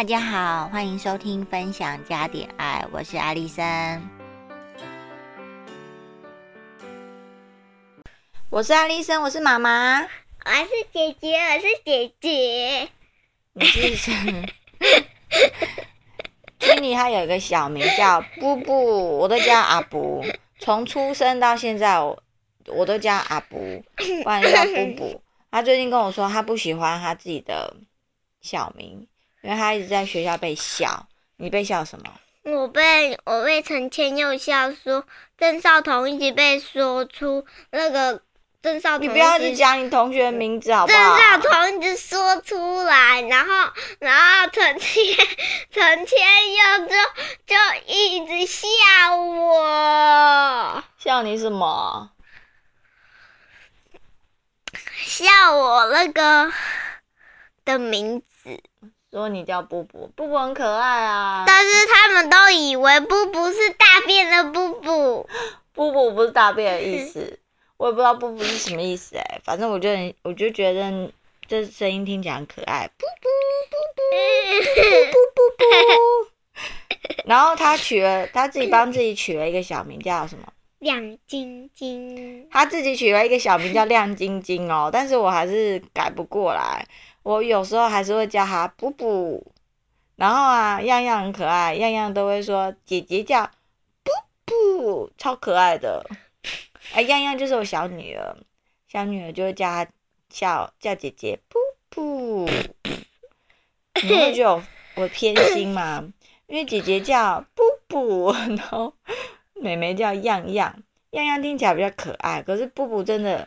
大家好，歡迎收聽《分享加點愛》，我是艾莉森。我是艾莉森，我是媽媽，我是姐姐，我是姐姐。你是誰？Ginny 他有一個小名叫布布，我都叫阿布。從出生到現在我，我我都叫阿布，不然叫布布。他最近跟我說，他不喜歡他自己的小名。因為他一直在學校被笑，你被笑什麼？我被我被陳千佑笑說鄭少彤一直被說出那個鄭少彤，你不要一直講你同學的名字好不好？鄭少彤一直說出來，然後然後陳千陳千佑就就一直笑我，笑你什麼？笑我那個的名字。說你叫布布，布布很可愛啊。但是他們都以為布布是大便的布布。布布不是大便的意思， 我也不知道布布是什麼意思欸，反正我就很，我就覺得這聲音聽起來很可愛，布布布布布布布。然後他取了他自己幫自己取了一個小名叫什麼？亮晶晶。他自己取了一個小名叫亮晶晶哦，但是我還是改不過來。我有時候還是會叫她布布，然後啊，樣樣很可愛，樣樣都會說姐姐叫布布，超可愛的。哎、啊，樣樣就是我小女兒，小女兒就會叫她叫叫，叫姐姐布布。你會覺得我，我偏心嗎？因為姐姐叫布布，然後妹妹叫樣樣，樣樣聽起來比較可愛，可是布布真的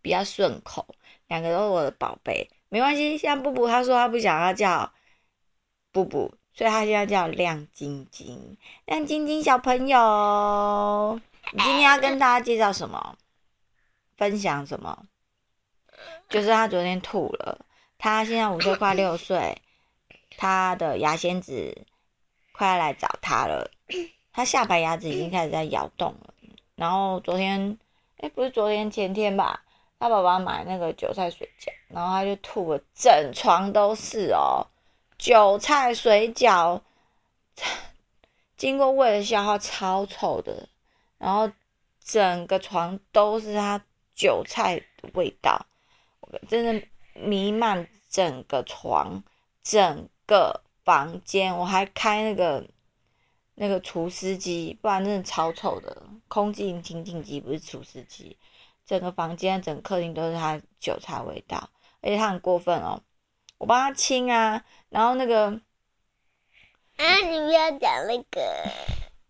比較順口，兩個都是我的寶貝。沒關係，現在布布他說他不想要叫布布，所以他現在叫亮晶晶。亮晶晶小朋友，你今天要跟大家介紹什麼？分享什麼？就是他昨天吐了，他現在五歲快六歲， 他的牙仙子快要來找他了，他下巴牙齒已經開始在搖動了。然後昨天，哎、欸，不是昨天，前天吧？他爸爸買那個韭菜水餃，然後他就吐了整床都是哦。韭菜水餃經過胃的消化，超臭的，然後整個床都是他韭菜的味道，OK, 真的彌漫整個床、整個房間。我還開那個那個除濕機，不然真的超臭的。空氣清淨機，不是除濕機。整個房間、整個客廳都是他韭菜味道，而且他很過分哦。我幫他清啊，然後那個……啊，你不要講那個。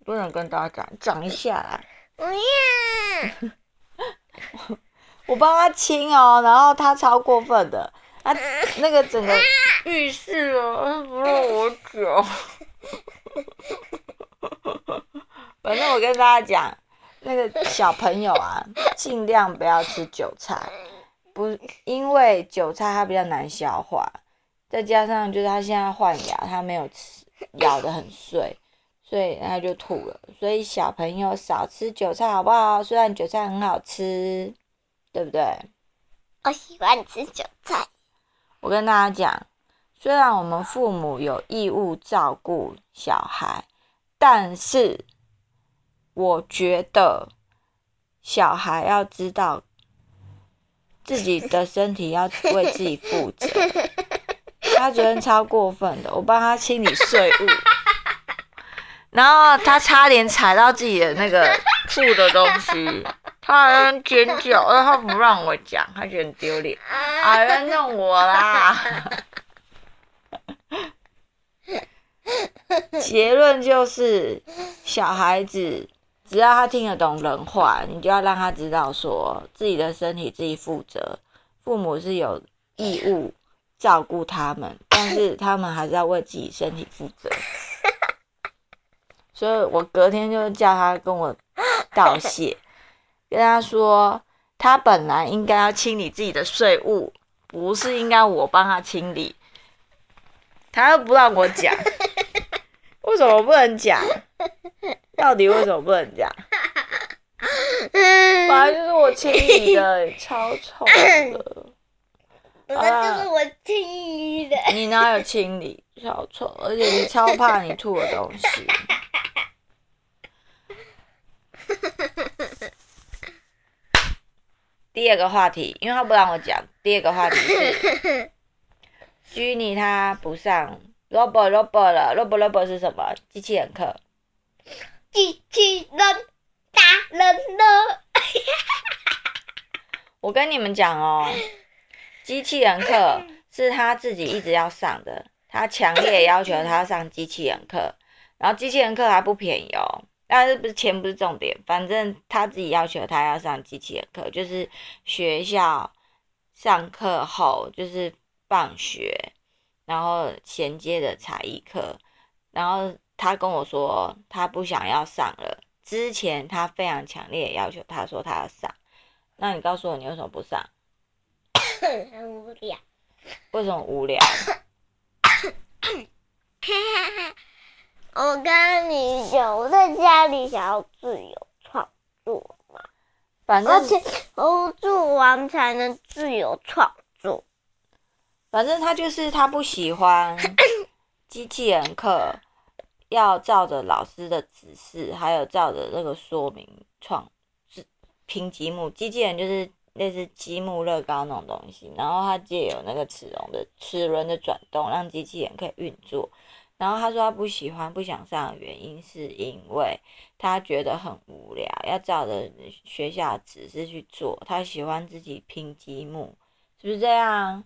不能跟大家講，講一下啦。不要。 我幫他清哦，然後他超過分的，他那個整個浴室哦、啊，不讓我走。 反正我跟大家講。那個小朋友啊，盡量不要吃韭菜，不，因為韭菜它比較難消化，再加上就是他現在換牙，他沒有吃咬得很碎，所以他就吐了。所以小朋友少吃韭菜好不好？雖然韭菜很好吃，對不對？我喜歡吃韭菜。我跟大家講，雖然我們父母有義務照顧小孩，但是。我覺得小孩要知道自己的身體要為自己負責。他覺得超過分的，我幫他清理碎物， 然後他差點踩到自己的那個醋的東西，他還很尖叫，但他不讓我講，他覺得丟臉。啊，還在弄我啦。 結論就是小孩子。只要他聽得懂人話，你就要讓他知道說，自己的身體自己負責，父母是有義務照顧他們，但是他們還是要為自己身體負責。所以我隔天就叫他跟我道謝，跟他說他本來應該要清理自己的稅務，不是應該我幫他清理，他又不讓我講。為什麼不能講？到底為什麼不能講？本來就是我清理的，欸，超臭的。本來就是我清理的。你哪有清理？超臭，而且你超怕你吐的東西。 第二個話題，因為他不讓我講。第二個話題是，GINNY 他不上。Robot Robot 了，Robot Robot 是什麼？機器人課。機器人打人了！ 我跟你們講哦，機器人課是他自己一直要上的，他強烈要求他要上機器人課。然後機器人課還不便宜哦，但是不是錢不是重點，反正他自己要求他要上機器人課，就是學校上課後就是放學。然後銜接的才藝課，然後他跟我說他不想要上了。之前他非常強烈要求，他說他要上。那你告訴我，你為什麼不上？很無聊。為什麼無聊？ 我跟你講，我在家裡想要自由創作嘛。反正，而且我做完才能自由創。反正他就是他不喜歡機器人課，要照着老師的指示，還有照着那個說明創是拼積木。機器人就是類似積木樂高那種東西，然後他藉由那個齒輪的齒輪的轉動，讓機器人可以運作。然後他說他不喜歡、不想上的原因，是因為他覺得很無聊，要照着學校的指示去做。他喜歡自己拼積木，是不是這樣？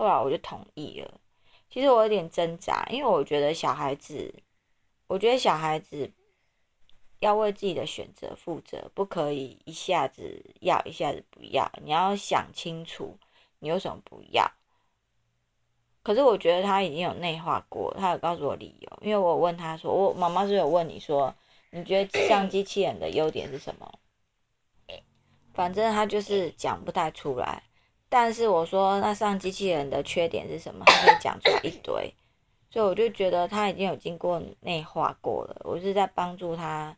後來我就同意了。其實我有點掙扎，因為我覺得小孩子，我覺得小孩子要為自己的選擇負責，不可以一下子要，一下子不要。你要想清楚，你有什麼不要。可是我覺得他已經有內化過，他有告訴我理由。因為我問他說：“我媽媽是有問你說，你覺得像機器人的優點是什麼？”反正他就是講不太出來。但是我說，那上機器人的缺點是什麼？他可以講出一堆，所以我就覺得他已經有經過內化過了。我是在幫助他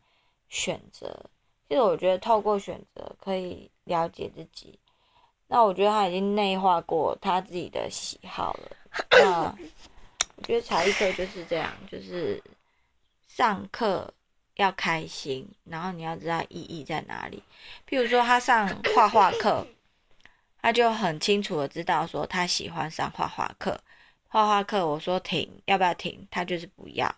選擇。其實我覺得透過選擇可以了解自己。那我覺得他已經內化過他自己的喜好了。那我覺得才藝課就是這樣，就是上課要開心，然後你要知道意義在哪裡。譬如說他上畫畫課。他就很清楚的知道，說他喜歡上畫畫課，畫畫課我說停，要不要停？他就是不要。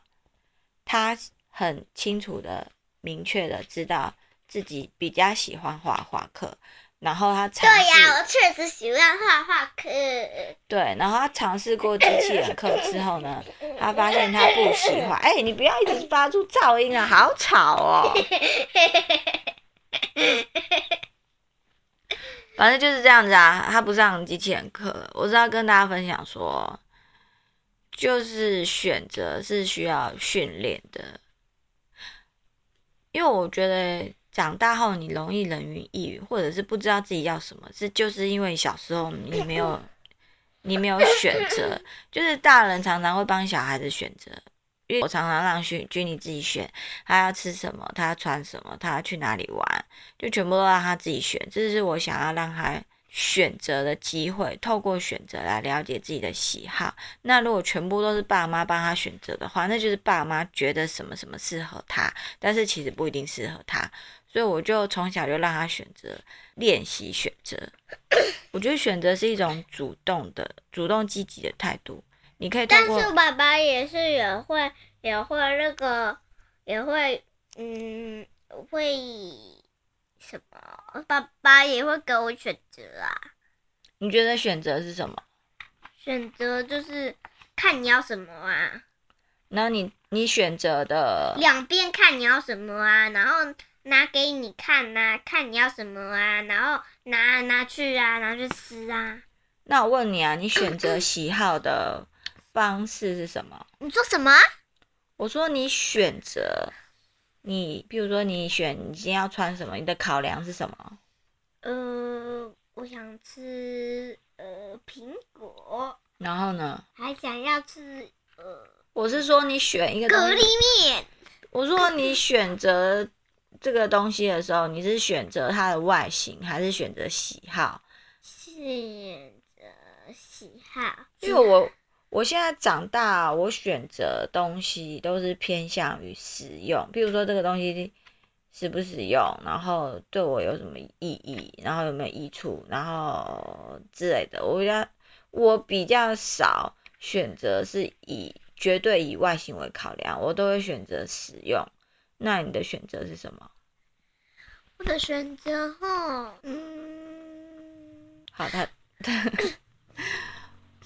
他很清楚的、明確的知道自己比較喜歡畫畫課，然後他嘗試。對呀、啊，我確實喜歡畫畫課。對，然後他嘗試過機器人課之後呢， 他發現他不喜歡。哎，你不要一直發出噪音啊，好吵哦。 反正就是這樣子啊，他不上機器人課，我是要跟大家分享說，就是選擇是需要訓練的，因為我覺得長大後你容易人云亦云，或者是不知道自己要什麼，是就是因為小時候你沒有，你沒有選擇，就是大人常常會幫小孩子選擇。因為我常常讓 GINNY 自己選，他要吃什麼，他要穿什麼，他要去哪裡玩，就全部都讓他自己選。這是我想要讓他選擇的機會，透過選擇來了解自己的喜好。那如果全部都是爸媽幫他選擇的話，那就是爸媽覺得什麼什麼適合他，但是其實不一定適合他。所以我就從小就讓他選擇，練習選擇。 我覺得選擇是一種主動的、主動積極的態度。你可以，但是爸爸也是也會也會那個也會嗯會什麼？爸爸也會給我選擇啊。你覺得選擇是什麼？選擇就是看你要什麼啊。然後你你選擇的兩邊，看你要什麼啊？然後拿給你看吶、啊，看你要什麼啊？然後拿拿去啊，拿去吃啊。那我問你啊，你選擇喜好的？ 方式是什麼？你說什麼？我說你選擇，你比如說你選你今天要穿什麼，你的考量是什麼？呃，我想吃呃蘋果。然後呢？還想要吃呃。我是說你選一個。蛤蜊麵。我說你選擇這個東西的時候，你是選擇它的外形，還是選擇喜好？選擇喜好。因為我。嗯我現在長大，我選擇東西都是偏向於實用，譬如說這個東西實不實用，然後對我有什麼意義，然後有沒有益處，然後之類的。我比較，我比較少選擇是以絕對以外形為考量，我都會選擇實用。那你的選擇是什麼？我的選擇哈，嗯，好的。他他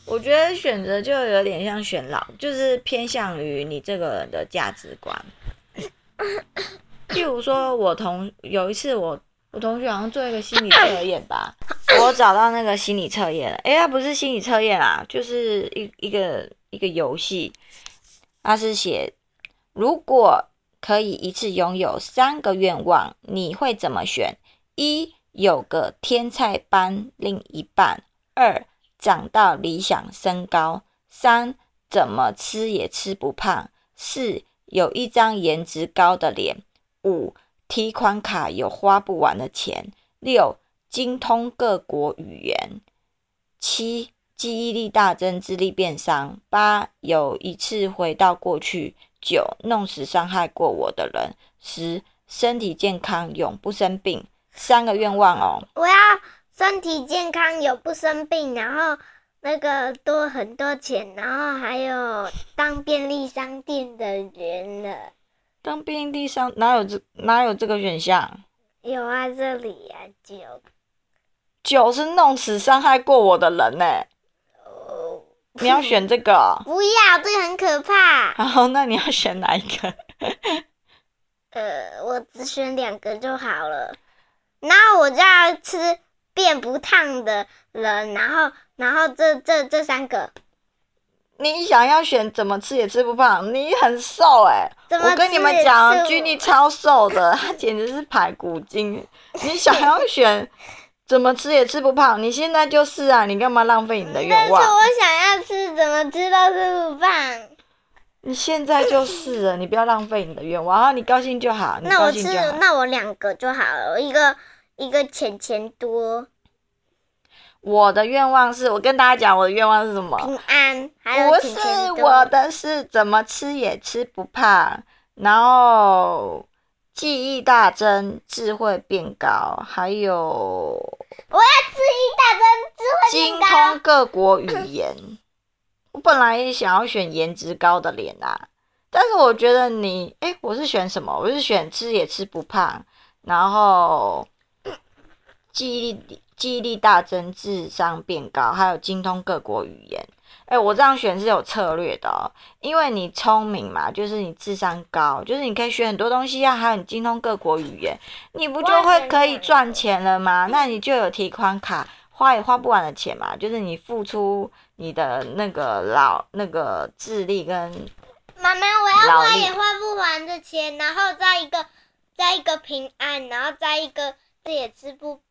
我覺得選擇就有點像選老，就是偏向於你這個人的價值觀。譬 如說，我同有一次我，我我同學好像做一個心理測驗吧， 我找到那個心理測驗，哎、欸，他不是心理測驗啦，就是一一個一個遊戲，他是寫如果可以一次擁有三個願望，你會怎麼選？一有個天才般另一半，二。長到理想身高，三怎麼吃也吃不胖，四有一張顏值高的臉，五提款卡有花不完的錢，六精通各國語言，七記憶力大增，智商變高，八有一次回到過去，九弄死傷害過我的人，十身體健康，永不生病。三個願望哦。我要。身體健康，永不生病，然後那個多很多錢，然後還有當便利商店的人呢？當便利商哪有這哪有這個選項？有啊，這裡呀、啊，九九是弄死傷害過我的人呢、欸。哦、你要選這個？ 不要，這個很可怕。然後那你要選哪一個？ 呃，我只選兩個就好了。那我就要吃。變不胖的人，然後，然後這這這三個，你想要選怎麼吃也吃不胖，你很瘦哎、欸！我跟你們講，GINNY< 吃>超瘦的，他 簡直是排骨精。你想要選怎麼吃也吃不胖， 你現在就是啊！你幹嘛浪費你的願望？但是我想要吃，怎麼吃都吃不胖。你現在就是了！你不要浪費你的願望，啊， 你高興就好，你高興就好。那我吃，那我兩個就好了，我一個。一個錢錢多，我的願望是，我跟大家講，我的願望是什麼？平安還有錢錢多。不是，我的是怎麼吃也吃不胖，然後記憶大增，智慧變高，還有我要記憶大增，智慧變高，精通各國語言。 我本來想要選顏值高的臉啊，但是我覺得你哎、欸，我是選什麼？我是選吃也吃不胖，然後。記憶力記憶力大增，智商變高，還有精通各國語言。欸，我這樣選是有策略的喔，因為你聰明嘛，就是你智商高，就是你可以學很多東西呀，還有你精通各國語言，你不就會可以賺錢了嗎？那你就有提款卡，花也花不完的錢嘛。就是你付出你的那個老那個智力跟勞力。媽媽，我要花也花不完的錢，然後再一個再一個平安，然後再一個。吃也吃不，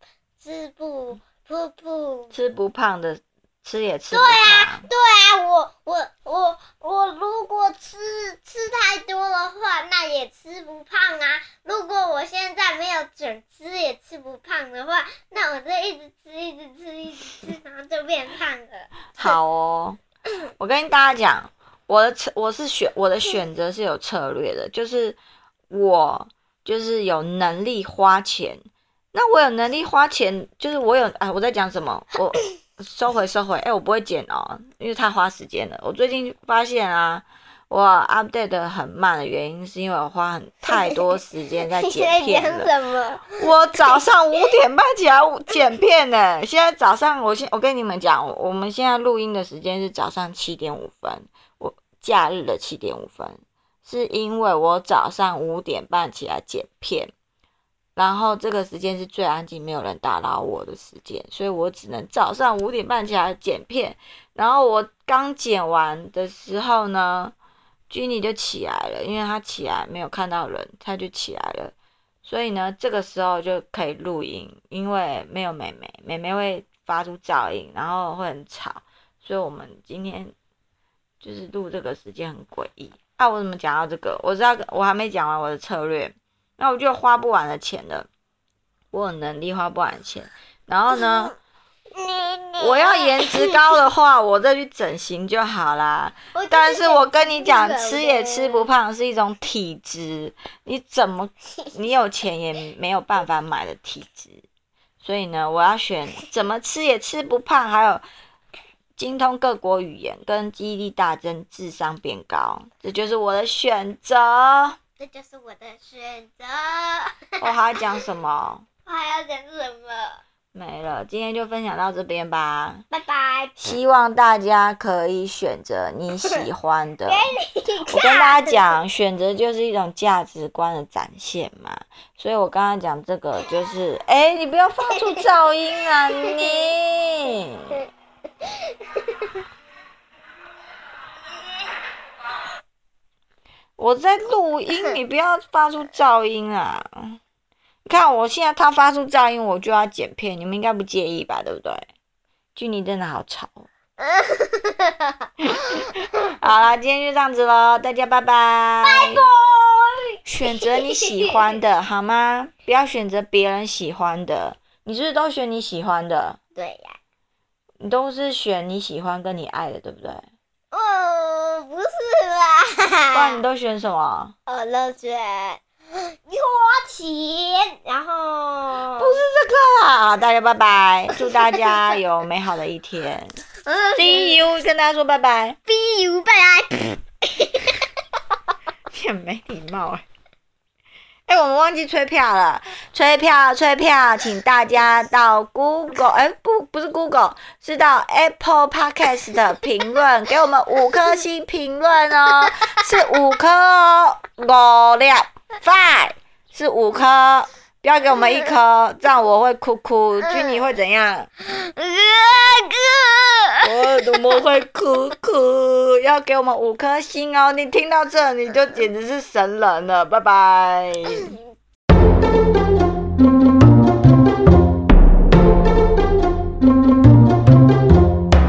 吃不不不吃不胖的，吃也吃不胖。對啊，對啊，我我我我如果吃吃太多的話，那也吃不胖啊。如果我現在沒有整吃也吃不胖的話，那我就一直吃，一直吃，一直吃，一直吃，然後就變胖了。好哦， 我跟大家講，我的策我是選我的選擇是有策略的，就是我就是有能力花錢。那我有能力花錢，就是我有，哎，我在講什麼？我收回收回，哎、欸，我不會剪哦，因為太花時間了。我最近發現啊，我 update 很慢的原因是因為我花很太多時間在剪片了。 你在講什麼？我早上五點半起來剪片呢、欸。現在早上我先我跟你們講，我們現在錄音的時間是早上七點五分，我假日的七點五分，是因為我早上五點半起來剪片。然後這個時間是最安靜、沒有人打擾我的時間，所以我只能早上五點半起來剪片。然後我剛剪完的時候呢，GINNY 就起來了，因為他起來沒有看到人，他就起來了。所以呢，這個時候就可以錄音，因為沒有妹妹，妹妹會發出噪音，然後會很吵。所以我們今天就是錄這個時間很詭異。啊，我怎麼講到這個？我知道，我還沒講完我的策略。那我就花不完的錢了，我有能力花不完的錢。然後呢，你的我要顏值高的話， 我再去整形就好啦。是但是我跟你講，吃也吃不胖是一種體質， 你怎麼你有錢也沒有辦法買的體質。所以呢，我要選怎麼吃也吃不胖，還有精通各國語言、跟記憶力大增、智商變高，這就是我的選擇。這就是我的選擇。 哦、 我還要講什麼？我還要講什麼？沒了，今天就分享到這邊吧。拜拜。希望大家可以選擇你喜歡的。 給你我跟大家講， 選擇就是一種價值觀的展現嘛。所以我剛剛講這個，就是哎，你不要發出噪音啊，你。 我在錄音，你不要發出噪音啊！你看我現在他發出噪音，我就要剪片，你們應該不介意吧？對不對？Ginny 真的好吵。 好了，今天就這樣子嘍，大家拜拜。拜拜託。選擇你喜歡的，好嗎？ 不要選擇別人喜歡的。你是不是都選你喜歡的？對呀、啊。你都是選你喜歡跟你愛的，對不對？嗯不是吧？不然你都選什麼？我都選花錢，然後……不是這個啦。啊！大家拜拜，祝大家有美好的一天。See Be you，跟大家說拜拜。See you，拜拜 。哈哈變沒禮貌哎。哎、欸，我們忘記催票了！催票，催票，請大家到 Google，哎、欸，不，不是 Google，是到 Apple Podcast 的評論，給我們五顆星評論哦，是五顆哦，五兩 five，是五顆。要給我們一顆， 這樣我會哭哭，Ginny 你 會怎樣？ 我怎麼會哭哭？ 要給我們五顆星哦！你聽到這，你就簡直是神人了，拜拜。